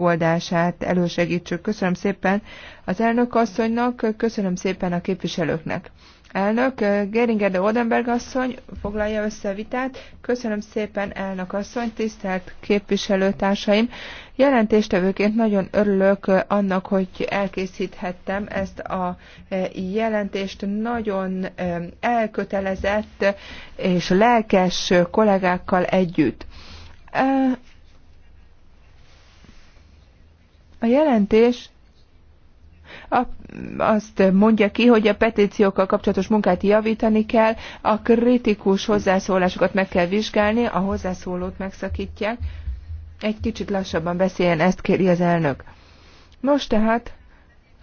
megoldását elősegítsük. Köszönöm szépen az elnök asszonynak, köszönöm szépen a képviselőknek. Elnök, Geringer de Odenberg asszony foglalja össze a vitát. Köszönöm szépen, elnök asszony, tisztelt képviselőtársaim. Jelentéstevőként nagyon örülök annak, hogy elkészíthettem ezt a e, jelentést. Nagyon e, elkötelezett és lelkes kollégákkal együtt. E, A jelentés a, azt mondja ki, hogy a petíciókkal kapcsolatos munkát javítani kell, a kritikus hozzászólásokat meg kell vizsgálni, a hozzászólót megszakítják. Egy kicsit lassabban beszéljen, ezt kéri az elnök. Nos tehát,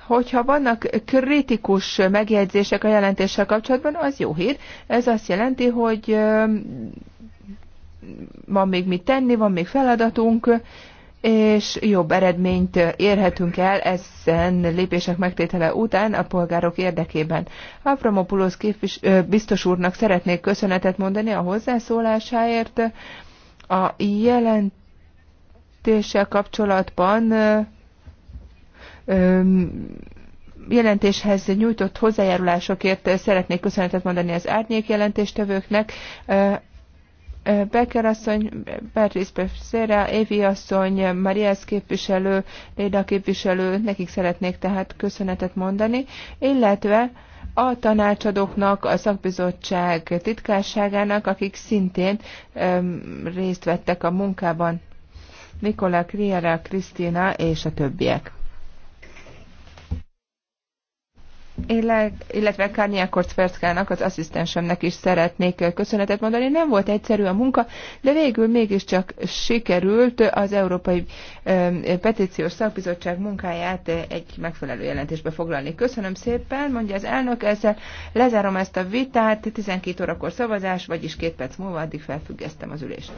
hogyha vannak kritikus megjegyzések a jelentéssel kapcsolatban, az jó hír. Ez azt jelenti, hogy van még mit tenni, van még feladatunk, és jobb eredményt érhetünk el ezen lépések megtétele után a polgárok érdekében. Avramopoulos biztos úrnak szeretnék köszönetet mondani a hozzászólásáért. A jelentéssel kapcsolatban jelentéshez nyújtott hozzájárulásokért szeretnék köszönetet mondani az árnyék jelentéstevőknek, Becker asszony, Beatrice Becerra, Évi asszony, Marias képviselő, Léda képviselő, nekik szeretnék tehát köszönetet mondani, illetve a tanácsadóknak, a szakbizottság titkárságának, akik szintén öm, részt vettek a munkában, Nikola Kriera, Krisztina és a többiek. illetve Kárnyá Korcferszkának, az asszisztensemnek is szeretnék köszönetet mondani. Nem volt egyszerű a munka, de végül mégiscsak sikerült az Európai Petíciós Szakbizottság munkáját egy megfelelő jelentésbe foglalni. Köszönöm szépen, mondja az elnök, ezzel lezárom ezt a vitát, 12 órakor szavazás, vagyis két perc múlva addig felfüggesztem az ülést.